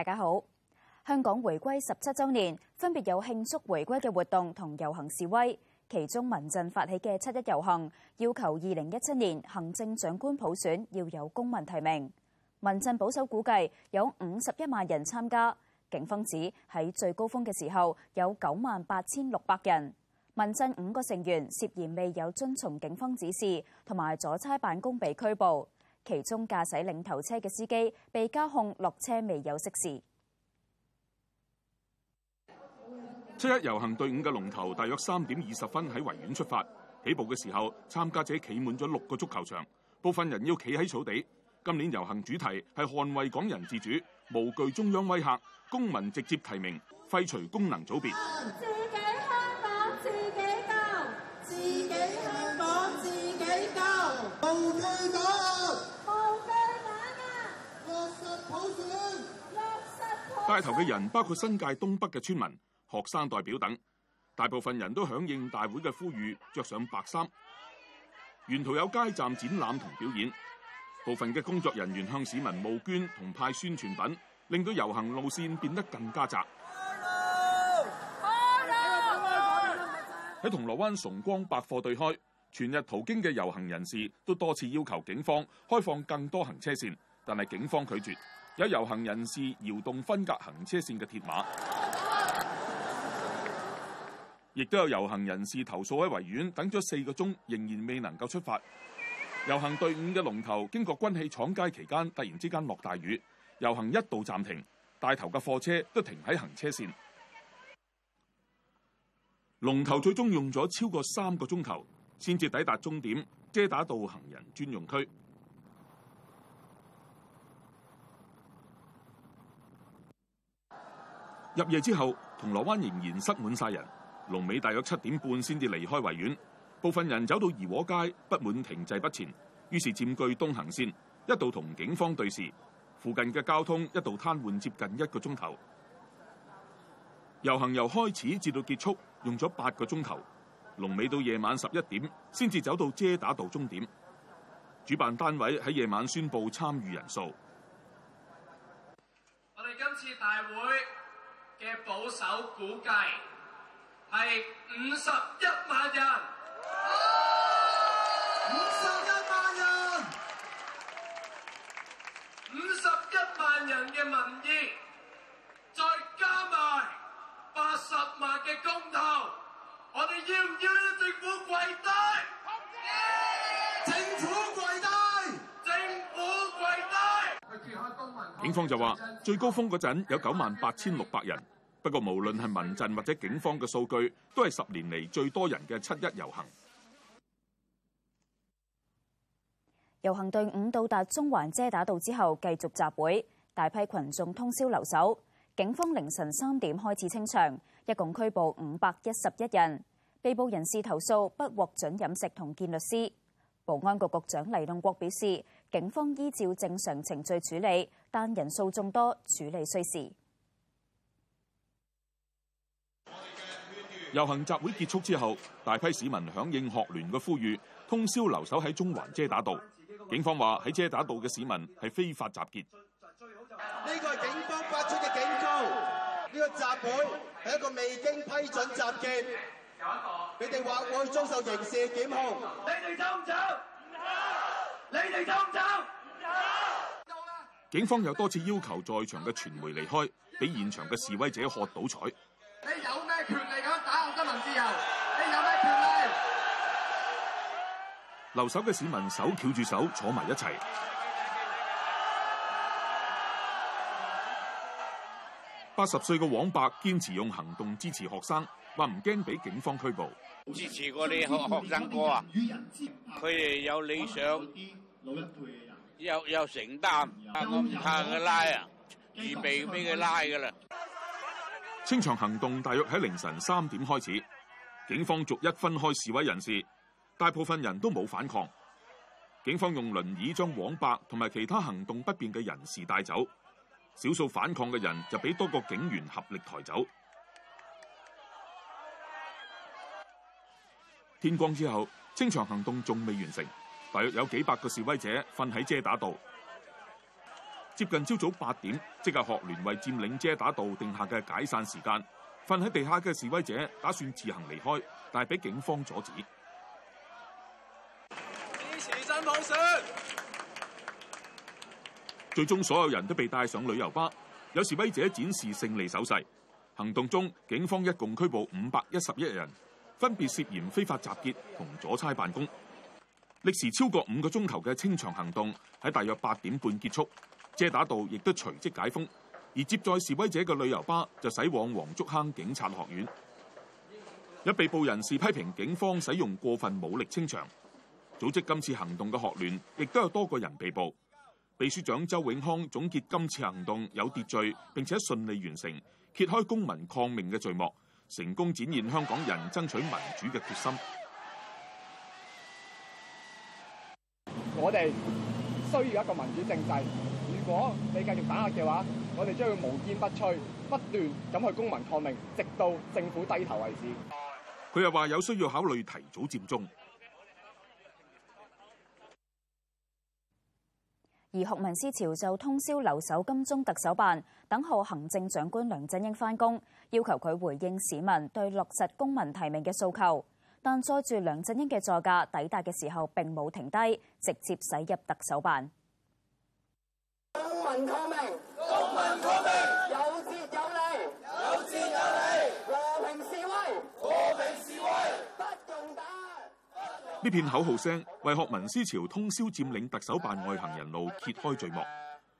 大家好，香港回歸十七周年，分別有慶祝回歸嘅活動同遊行示威，其中民陣發起嘅七一遊行，要求二零一七年行政長官普選要有公民提名。民陣保守估計有五十一萬人參加，警方指喺最高峰嘅時候有九萬八千六百人。民陣五個成員涉嫌未有遵從警方指示，同埋阻差辦公被拘捕。其中駕駛領頭車嘅司機被交控落車未有熄匙。七一遊行隊伍嘅龍頭大約三點二十分喺維園出發，起步嘅時候參加者企滿咗六個足球場，部分人要企喺草地。今年遊行主題係捍衞港人自主，無懼中央威嚇，公民直接提名，廢除功能組別。帶頭嘅人包括新界東北嘅村民、學生代表等，大部分人都響應大會嘅呼籲，着上白衫。沿途有街站展覽同表演，部分嘅工作人員向市民募捐同派宣傳品，令到遊行路線變得更加窄。喺銅鑼灣崇光百貨對開，全日途經嘅遊行人士都多次要求警方開放更多行車線，但係警方拒絕。有遊行人士搖動分隔行車線嘅鐵馬，亦都有遊行人士投訴喺維園等咗四個鐘，仍然未能夠出發。遊行隊伍嘅龍頭經過軍器廠街期間，突然之間落大雨，遊行一度暫停，帶頭嘅貨車都停喺行車線。龍頭最終用咗超過三個鐘頭，先至抵達終點，遮打道行人專用區。入夜之後，銅鑼灣仍然塞滿晒人，龍尾大約七點半先至離開維園，部分人走到怡和街，不滿停滯不前，於是佔據東行線，一度同警方對峙，附近嘅交通一度癱瘓接近一個鐘頭。遊行由開始至到結束用咗八個鐘頭，龍尾到夜晚十一點先至走到遮打道終點。主辦單位喺夜晚宣布參與人數。我哋今次大會。嘅保守估計係五十一萬人，五十一萬人，五十一萬人嘅民意，再加埋八十萬嘅公投，我哋要唔要政府跪低？警方就話，最高峰嗰陣有九萬八千六百人。不過，無論係民陣或者警方嘅數據，都係十年嚟最多人嘅七一遊行。遊行隊伍到達中環遮打道之後，繼續集會，大批群眾通宵留守。警方凌晨三點開始清場，一共拘捕五百一十一人。被捕人士投訴不獲准飲食同見律師。保安局局長黎棟國表示，警方依照正常程序處理。但人數眾多，處理需時。遊行集會結束之後，大批市民響應學聯嘅呼籲，通宵留守喺中環遮打道。警方話喺遮打道嘅市民係非法集結。呢個係警方發出嘅警告，呢個集會係一個未經批准集結。你哋話我要遭受刑事檢控，你哋走唔走？唔走。你哋走唔走？唔走。警方又多次要求在場嘅傳媒離開，俾現場嘅示威者喝倒彩。你有咩權利咁打新聞自由？你有咩權利？留守嘅市民手翹住手坐在，坐埋一齊。八十歲嘅黃伯堅持用行動支持學生，話唔驚俾警方拘捕。支持過啲學，學生哥啊，佢哋有理想。又又承擔，我唔怕佢拉啊，預備俾佢拉㗎喇。清場行動大約喺凌晨三點開始，警方逐一分開示威人士，大部分人都冇反抗，警方用輪椅將黃伯同埋其他行動不便嘅人士帶走，少數反抗嘅人就俾多個警員合力抬走。天光之後，清場行動仲未完成。大約有幾百個示威者瞓喺遮打道，接近朝早八點，即係學聯為佔領遮打道定下嘅解散時間。瞓喺地下嘅示威者打算自行離開，但係俾警方阻止。支持真普選！最終所有人都被帶上旅遊巴，有示威者展示勝利手勢。行動中，警方一共拘捕五百一十一人，分別涉嫌非法集結同阻差辦公。歷時超過五個鐘頭嘅清場行動喺大約八點半結束，遮打道亦都隨即解封，而接載示威者嘅旅遊巴就駛往黃竹坑警察學院。有被捕人士批評警方使用過分武力清場，組織今次行動嘅學聯亦都有多個人被捕。秘書長周永康總結今次行動有秩序，並且順利完成，揭開公民抗命嘅序幕，成功展現香港人爭取民主嘅決心。我哋需要一個民主政制。如果你繼續打壓嘅話，我哋將會無堅不摧，不斷咁去公民抗命，直到政府低頭為止。佢又話有需要考慮提早佔中。而學民思潮就通宵留守金鐘特首辦，等候行政長官梁振英返工，要求佢回應市民對落實公民提名嘅訴求。但載住梁振英嘅座駕抵達嘅時候，並冇停低，直接駛入特首辦。公民抗命，公民抗命，有節有理，有節有理，有節有力，和平示威，和平示威，不用打。呢片口號聲，為學民思潮通宵佔領領特首辦外行人路揭開序幕。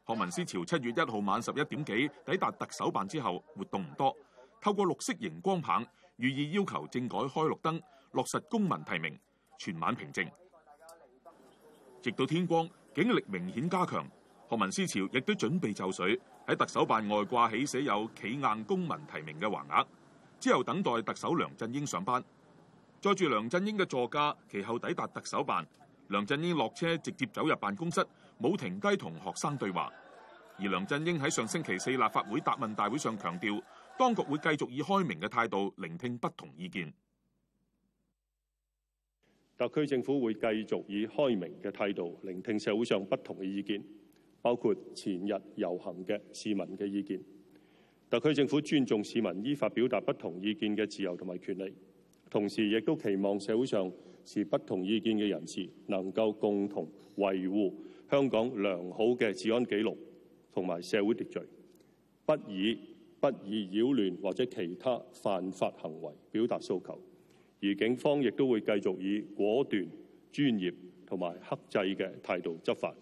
學民思潮七月一號晚十一點幾抵達特首辦之後活動唔多，透過綠色熒光棒，寓意要求政改開綠燈。落實公民提名，全晚平靜，直到天光，警力明顯加強，學民思潮亦都準備就緒，喺特首辦外掛起寫有「企硬公民提名」嘅橫額，之後等待特首梁振英上班。載住梁振英嘅座駕，其後抵達特首辦，梁振英落車直接走入辦公室，冇停低同學生對話。而梁振英喺上星期四立法會答問大會上強調，當局會繼續以開明嘅態度聆聽不同意見。特區政府會繼續以開明嘅態度，聆聽社會上不同嘅意見，包括前日遊行嘅市民嘅意見。特區政府尊重市民依法表達不同意見嘅自由同埋權利，同時亦都期望社會上持不同意見嘅人士能夠共同維護香港良好嘅治安紀錄同埋社會秩序，不以不以擾亂或者其他犯法行為表達訴求。而警方亦都會繼續以果斷、專業同埋克制嘅態度執法。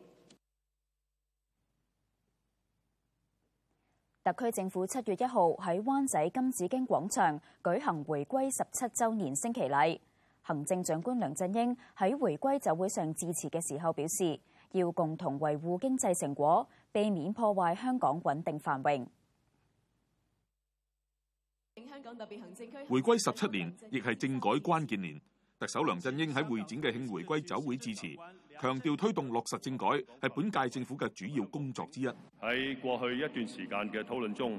特區政府七月一號喺灣仔金紫荊廣場舉行回歸十七週年升旗禮，行政長官梁振英喺回歸酒會上致辭嘅時候表示，要共同維護經濟成果，避免破壞香港穩定繁榮。回歸十七年，亦係政改關鍵年。特首梁振英喺會展嘅慶回歸酒會致辭，強調推動落實政改係本屆政府嘅主要工作之一。喺過去一段時間嘅討論中，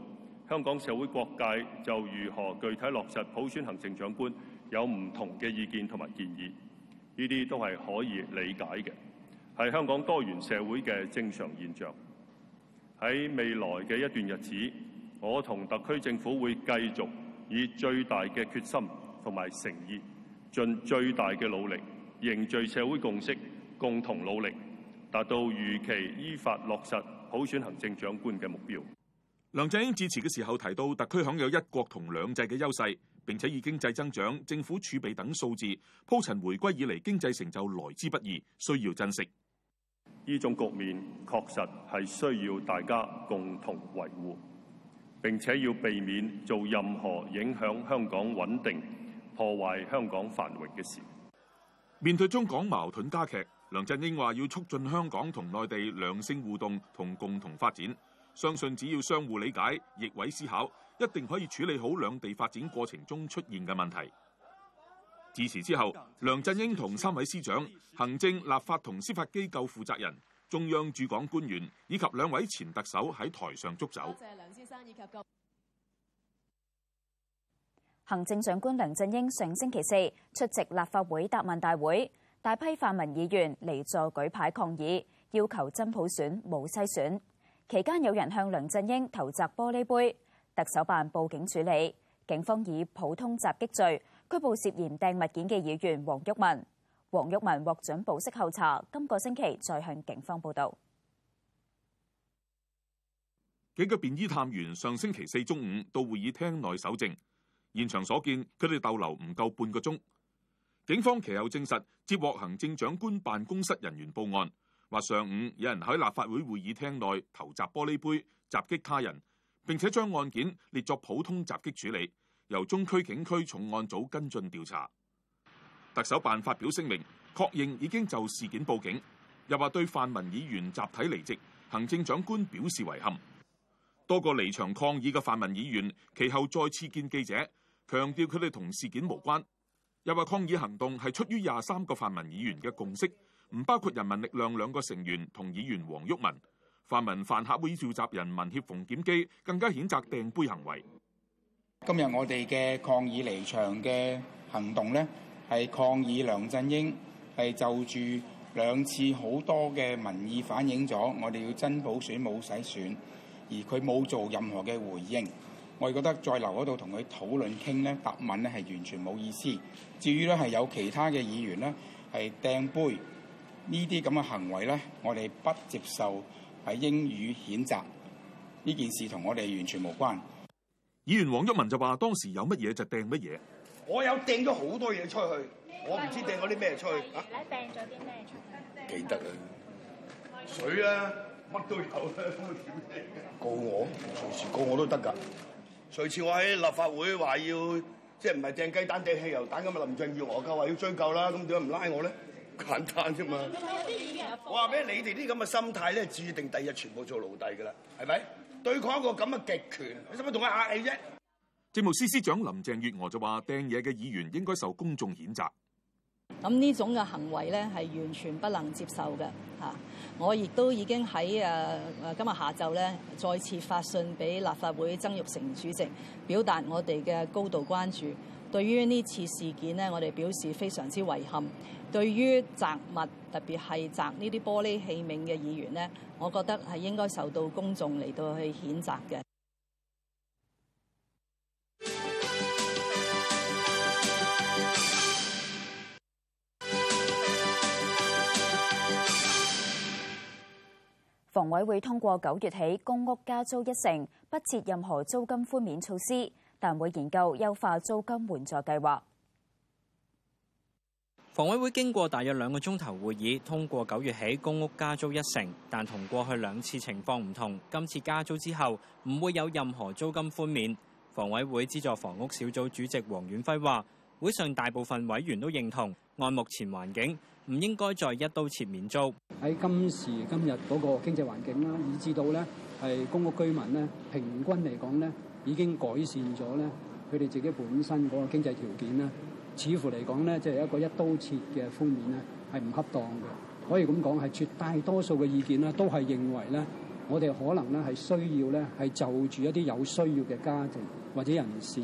香港社會各界就如何具體落實普選行政長官有唔同嘅意見同埋建議，呢啲都係可以理解嘅，係香港多元社會嘅正常現象。喺未來嘅一段日子，我同特區政府會繼續以最大嘅決心同埋誠意，盡最大嘅努力，凝聚社會共識，共同努力，達到如期依法落實普選行政長官嘅目標。梁振英致辭嘅時候提到，特區享有一國同兩制嘅優勢，並且以經濟增長、政府儲備等數字鋪陳，回歸以嚟經濟成就來之不易，需要珍惜。呢種局面確實係需要大家共同維護。並且要避免做任何影響香港穩定、破壞香港繁榮嘅事。面對中港矛盾加劇，梁振英話要促進香港同內地良性互動同共同發展，相信只要相互理解、逆位思考，一定可以處理好兩地發展過程中出現嘅問題。自此之後，梁振英同三位司長、行政立法同司法機構負責人，中央駐港官員以及兩位前特首喺台上捉走，多謝梁先生以及行政長官梁振英。上星期四出席立法會答問大會，大批泛民議員嚟助舉牌抗議，要求真普選、無篩選。期間有人向梁振英投擲玻璃杯，特首辦報警處理，警方以普通襲擊罪拘捕涉嫌掟物件嘅議員黃毓民。黃玉文獲准保釋候查，今個星期再向警方報到。幾個便衣探員上星期四中午到會議廳內搜證，現場所見，佢哋逗留唔夠半個鐘。警方其後證實，接獲行政長官辦公室人員報案，話上午有人喺立法會會議廳內投擲玻璃杯，襲擊他人，並且將案件列作普通襲擊處理，由中區警區重案組跟進調查。特首辦發表聲明，確認已經就事件報警，又話對泛民議員集體離席，行政長官表示遺憾。多個離場抗議嘅泛民議員其後再次見記者，強調佢哋同事件無關，又話抗議行動係出於廿三個泛民議員嘅共識，唔包括人民力量兩個成員同議員黃毓民。泛民飯盒會召集人民協馮檢基更加譴責掟杯行為。今日我哋嘅抗議離場嘅行動呢，係抗議梁振英係就住兩次好多嘅民意反映咗，我哋要真普選冇使選，而佢冇做任何嘅回應，我哋覺得再留嗰度同佢討論傾咧答問咧係完全冇意思。至於咧係有其他嘅議員呢係掟杯呢啲咁嘅行為咧，我哋不接受喺英語譴責呢件事同我哋完全無關。議員黃毓民就話：當時有乜嘢就掟乜嘢。我有掟咗好多嘢出去，咩？我唔知掟嗰啲咩出去。例如掟咗啲咩出去？記得啊，水啊，乜都有啦，告我，隨時告我都得㗎。隨時我喺立法會話要，即係唔係掟雞蛋掟汽油彈咁啊？林鄭月娥話要追究啦，咁點解唔拉我咧？簡單啫嘛。我話俾你哋啲咁嘅心態咧，註定第日全部做奴隸㗎啦，係咪？嗯、對抗一個咁嘅極權，你使乜同佢壓氣啫？政務司司長林鄭月娥就話，掟嘢嘅議員應該受公眾譴責。咁呢種嘅行為咧，係完全不能接受嘅。吓，我亦都已經喺誒今日下晝咧，再次發信俾立法會曾鈺成主席，表達我哋嘅高度關注。對於呢次事件呢，我哋表示非常之遺憾。對於掟物，特別係掟呢啲玻璃器皿嘅議員呢，我覺得係應該受到公眾嚟到去譴責嘅。房委會通過九月起公屋加租一成，不設任何租金寬免措施，但會研究優化租金援助計劃。房委會經過大約兩個鐘頭會議，通過九月起公屋加租一成，但同過去兩次情況唔同，今次加租之後唔會有任何租金寬免。房委會資助房屋小組主席黃遠輝話。會上大部分委員都認同，按目前環境唔應該再一刀切免租。喺今時今日嗰個經濟環境啦，以至到咧係公屋居民咧平均嚟講咧已經改善咗咧，佢哋自己本身嗰個經濟條件啦。似乎嚟講咧即係一個一刀切嘅封面咧係唔恰當嘅。可以咁講係絕大多數嘅意見咧都係認為咧，我哋可能咧係需要咧係就住一啲有需要嘅家庭或者人士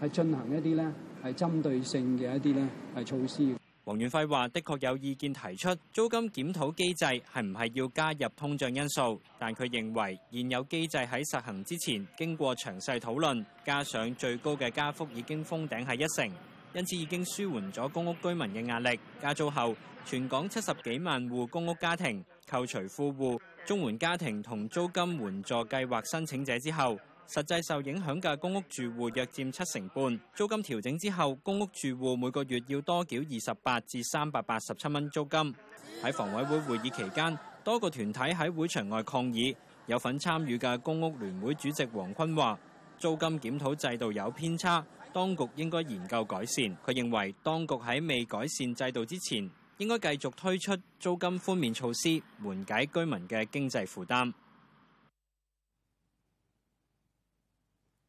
係進行一啲咧。係針對性嘅一啲呢係措施。黃遠輝話：的確有意見提出租金檢討機制係唔係要加入通脹因素，但佢認為現有機制喺實行之前經過詳細討論，加上最高嘅加幅已經封頂係一成，因此已經舒緩咗公屋居民嘅壓力。加租後，全港七十幾萬戶公屋家庭扣除富戶、中援家庭同租金援助計劃申請者之後。實際受影響嘅公屋住戶約佔七成半，租金調整之後，公屋住戶每個月要多繳二十八至三百八十七蚊租金。喺房委會會議期間，多個團體喺會場外抗議。有份參與嘅公屋聯會主席王坤話：租金檢討制度有偏差，當局應該研究改善。佢認為當局喺未改善制度之前，應該繼續推出租金寬免措施，緩解居民嘅經濟負擔。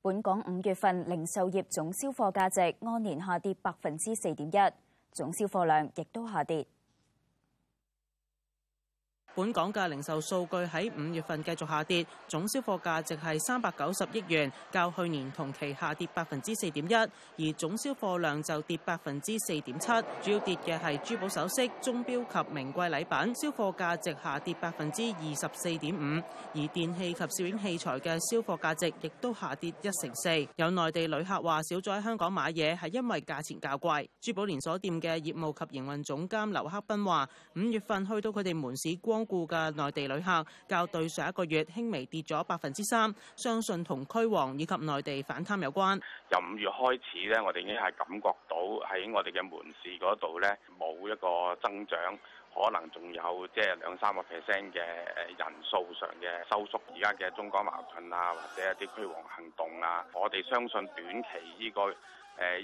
本港五月份零售業總銷貨價值按年下跌百分之四點一，總銷貨量亦都下跌。本港嘅零售數據喺五月份繼續下跌，總銷貨價值係三百九十億元，較去年同期下跌百分之四點一，而總銷貨量就跌百分之四點七。主要跌嘅係珠寶首飾、鐘錶及名貴禮品，銷貨價值下跌百分之二十四點五，而電器及攝影器材嘅銷貨價值亦都下跌一成四。有內地旅客話少咗喺香港買嘢係因為價錢較貴。珠寶連鎖店嘅業務及營運總監劉克斌話：五月份去到佢哋門市光顧嘅內地旅客較對上一個月輕微跌咗百分之三，相信同驅蝗，以及內地反貪有關。由五月開始咧，我哋已經係感覺到喺我哋嘅門市嗰度咧冇一個增長，可能仲有即係兩三個 percent 嘅誒人數上嘅收縮。而家嘅中港矛盾啊，或者一啲驅蝗行動啊，我哋相信短期呢個。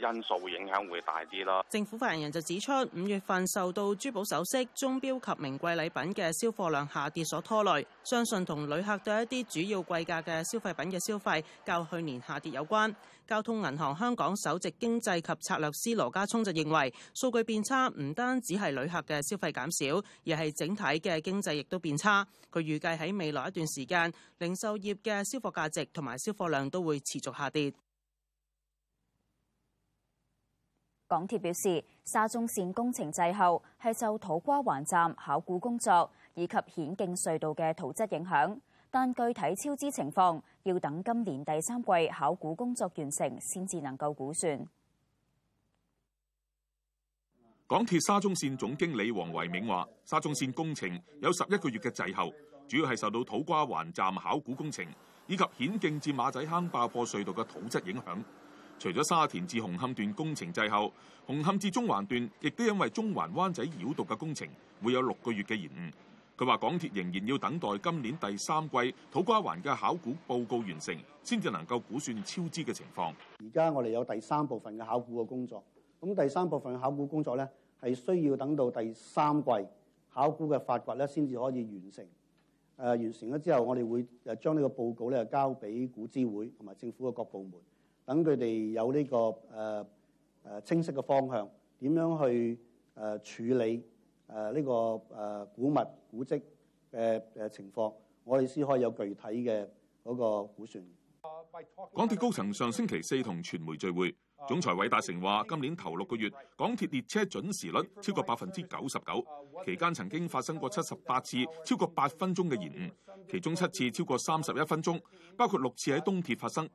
因素影響會大啲咯。政府發言人就指出，五月份受到珠寶首飾、鐘錶及名貴禮品嘅銷貨量下跌所拖累，相信同旅客對一啲主要貴價嘅消費品嘅消費較去年下跌有關。交通銀行香港首席經濟及策略師羅家聰就認為，數據變差唔單止係旅客嘅消費減少，而係整體嘅經濟亦都變差。佢預計喺未來一段時間，零售業嘅銷貨價值同埋銷貨量都會持續下跌。港鐵表示，沙中線工程滯後係受土瓜灣站考古工作以及顯徑隧道嘅土質影響，但具體超支情況要等今年第三季考古工作完成先至能夠估算。港鐵沙中線總經理王維銘話，沙中線工程有十一個月嘅滯後，主要係受到土瓜灣站考古工程以及顯徑至馬仔坑爆破隧道嘅土質影響。除咗沙田至紅磡段工程滯後，紅磡至中環段亦都因為中環灣仔繞道嘅工程會有六個月嘅延誤。佢話港鐵仍然要等待今年第三季土瓜灣嘅考古報告完成，先至能夠估算超支嘅情況。而家我哋有第三部分嘅考古嘅工作，咁第三部分嘅考古工作咧係需要等到第三季考古嘅發掘咧先至可以完成。誒、呃、完成咗之後，我哋會誒將呢個報告咧交俾古諮會同埋政府嘅各部門。等佢哋有呢個誒誒清晰嘅方向，點樣去誒處理誒呢個誒古物古蹟嘅誒情況，我哋先可以有具體嘅嗰個估算。港鐵高層上星期四同傳媒聚會，總裁韋達誠話，今年頭六個月，港鐵列車準時率超過百分之九十九，期間曾經發生過七十八次超過八分鐘嘅延誤，其中七次超過三十一分鐘，包括六次喺東鐵發生。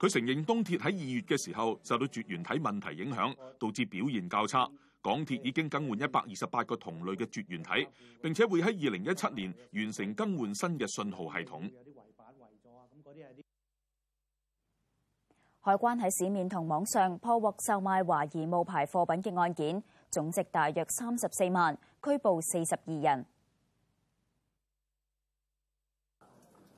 佢承認東鐵喺二月嘅時候受到絕緣體問題影響，導致表現較差。港鐵已經更換一百二十八個同類嘅絕緣體，並且會喺二零一七年完成更換新嘅信號系統。有啲違咗啊！咁啲係海關喺市面同網上破獲售賣懷疑冒牌貨品嘅案件，總值大約三十四萬，拘捕四十二人。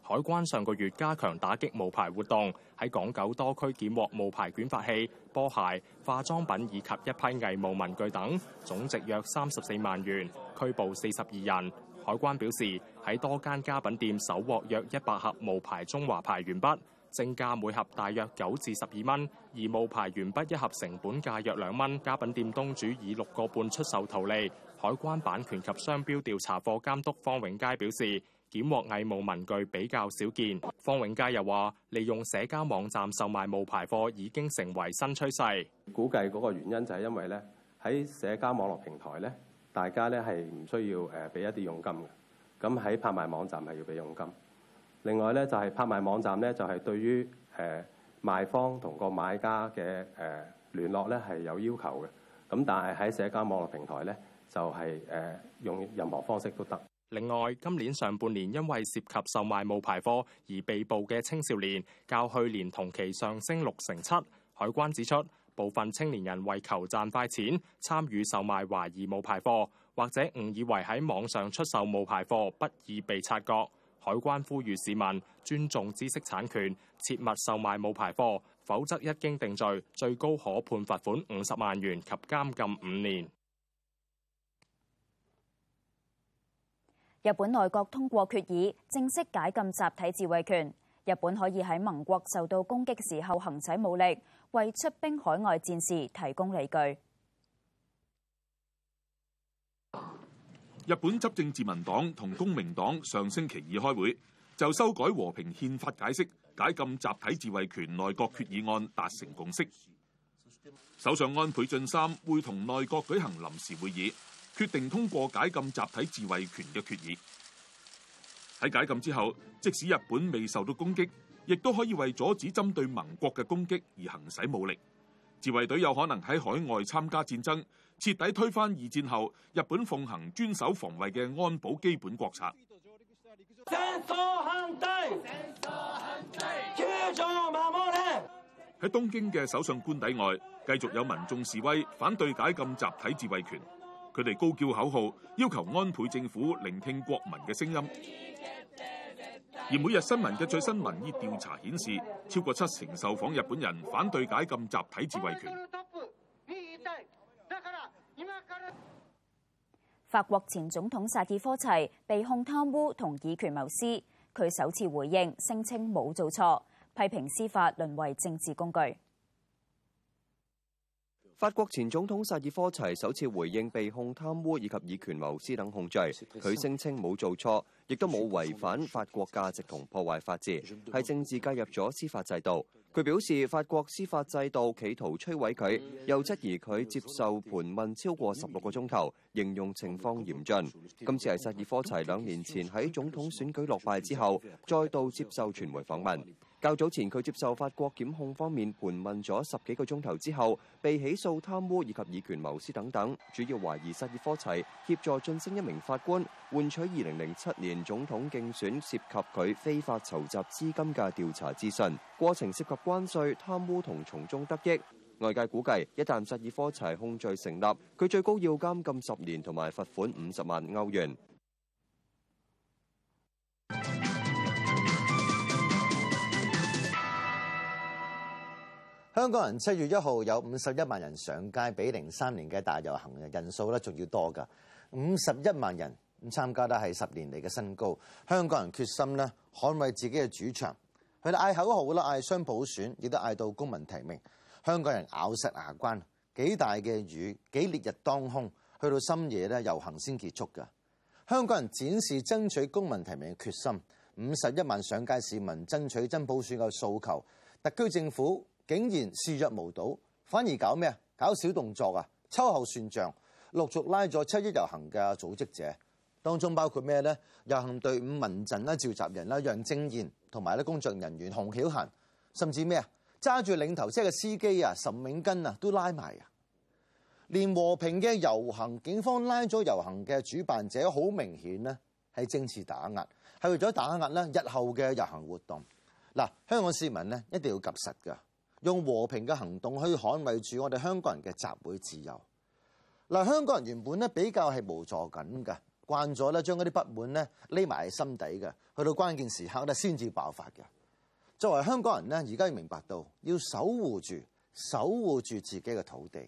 海關上個月加強打擊冒牌活動，喺港九多區檢獲冒牌捲髮器、波鞋、化妝品以及一批偽冒文具等，總值約三十四萬元，拘捕四十二人。海關表示，喺多間家品店搜獲約一百盒冒牌中華牌鉛筆，正價每盒大約九至十二蚊，而冒牌鉛筆一盒成本價約兩蚊，家品店東主以六個半出售圖利。海關版權及商標調查課監督方永佳表示。撿獲偽冒文具比較少見。方永佳又話，利用社交網站售賣冒牌貨已經成為新趨勢。估計嗰個原因就係因為咧喺社交網絡平台咧，大家咧係唔需要誒俾一啲佣金嘅。咁喺拍賣網站係要俾佣金。另外咧就係拍賣網站咧就係對於誒賣方同個買家嘅誒聯絡咧係有要求嘅。咁但係喺社交網絡平台咧就係誒用任何方式都得。另外，今年上半年因為涉及售賣冒牌貨而被捕嘅青少年，較去年同期上升六成七。海關指出，部分青年人為求賺快錢，參與售賣懷疑冒牌貨，或者誤以為喺網上出售冒牌貨不易被察覺。海關呼籲市民尊重知識產權，切勿售賣冒牌貨，否則一經定罪，最高可判罰款五十萬元及監禁五年。日本內閣通過決議，正式解禁集體自衛權。日本可以喺盟國受到攻擊時候行使武力，為出兵海外戰事提供理據。日本執政自民黨同公明黨上星期二開會，就修改和平憲法解釋、解禁集體自衛權內閣決議案達成共識。首相安倍晉三會同內閣舉行臨時會議。決定通過解禁集體自衛權嘅決議。喺解禁之後，即使日本未受到攻擊，亦都可以為阻止針對盟國嘅攻擊而行使武力。自衛隊有可能喺海外參加戰爭，徹底推翻二戰後日本奉行專守防衛嘅安保基本國策。喺東京嘅首相官邸外，繼續有民眾示威，反對解禁集體自衛權。佢哋高叫口號，要求安倍政府聆聽國民嘅聲音。而每日新聞嘅最新民意調查顯示，超過七成受訪日本人反對解禁集體自衛權。法國前總統薩爾科齊被控貪污同以權謀私，佢首次回應聲稱冇做錯，批評司法淪為政治工具。法國前總統薩爾科齊首次回應被控貪污以及以權謀私等控罪，佢聲稱冇做錯，亦都冇違反法國價值同破壞法治，係政治介入咗司法制度。佢表示法國司法制度企圖摧毀佢，又質疑佢接受盤問超過十六個鐘頭，形容情況嚴峻。今次係薩爾科齊兩年前喺總統選舉落敗之後，再度接受傳媒訪問。較早前，佢接受法國檢控方面盤問咗十幾個鐘頭之後，被起訴貪污以及以權謀私等等，主要懷疑薩爾科齊協助晉升一名法官，換取2007年總統競選涉及佢非法籌集資金嘅調查資訊，過程涉及關稅貪污同從中得益。外界估計，一旦薩爾科齊控罪成立，佢最高要監禁十年同埋罰款五十萬歐元。香港人七月一號有五十一萬人上街，比零三年嘅大遊行嘅人數咧，仲要多噶五十一萬人參加，咧係十年嚟嘅新高。香港人決心咧捍衛自己嘅主場，佢哋嗌口號啦，嗌雙普選，亦都嗌到公民提名。香港人咬實牙關，幾大嘅雨，幾烈日當空，去到深夜咧遊行先結束噶。香港人展示爭取公民提名嘅決心，五十一萬上街市民爭取真普選嘅訴求，特區政府，竟然視若無睹，反而搞咩啊？搞小動作啊！秋後算賬，陸續拉咗七一遊行嘅組織者，當中包括咩呢？遊行隊伍民陣啦、召集人啦、楊正賢同埋咧工作人員洪曉嫻，甚至咩啊？揸住領頭車嘅司機啊，岑銘根啊，都拉埋啊！連和平嘅遊行，警方拉咗遊行嘅主辦者，好明顯呢，係政治打壓，係為咗打壓咧日後嘅遊行活動。嗱，香港市民呢，一定要及實㗎。用和平嘅行動去捍衞住我哋香港人嘅集會自由。嗱，香港人原本咧比較係無助緊嘅，慣咗咧將嗰啲不滿咧匿埋喺心底嘅，去到關鍵時刻咧先至爆發嘅。作為香港人咧，而家要明白到要守護住、守護住自己嘅土地。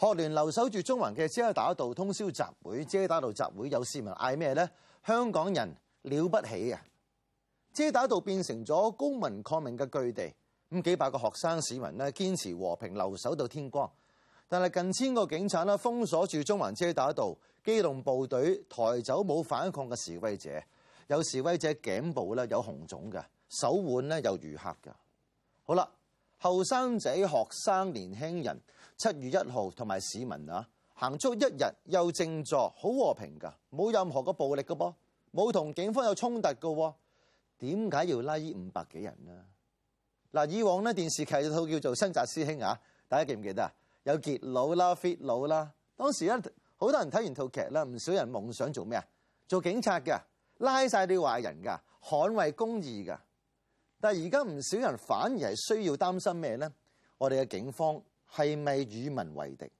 學聯留守住中環嘅遮打道通宵集會，遮打道集會有市民嗌咩咧？香港人了不起啊！遮打道變成咗公民抗命嘅據地。咁幾百個學生市民咧堅持和平留守到天光，但係近千個警察咧封鎖住中環遮打道，機動部隊抬走冇反抗嘅示威者，有示威者頸部咧有紅腫嘅，手腕咧有淤黑嘅。好啦，後生仔、學生、年輕人，七月一號同埋市民啊，行足一日又靜坐，好和平㗎，冇任何嘅暴力嘅噃，冇同警方有衝突嘅，點解要拉五百幾人呢？嗱，以往咧電視劇有套叫做《新紮師兄》啊，大家記唔記得啊？有傑佬啦、fit 佬啦，當時咧好多人睇完套劇啦，唔少人夢想做咩啊？做警察噶，拉晒啲壞人噶，捍衞公義噶。但係而家唔少人反而係需要擔心咩咧？我哋嘅警方係咪與民為敵？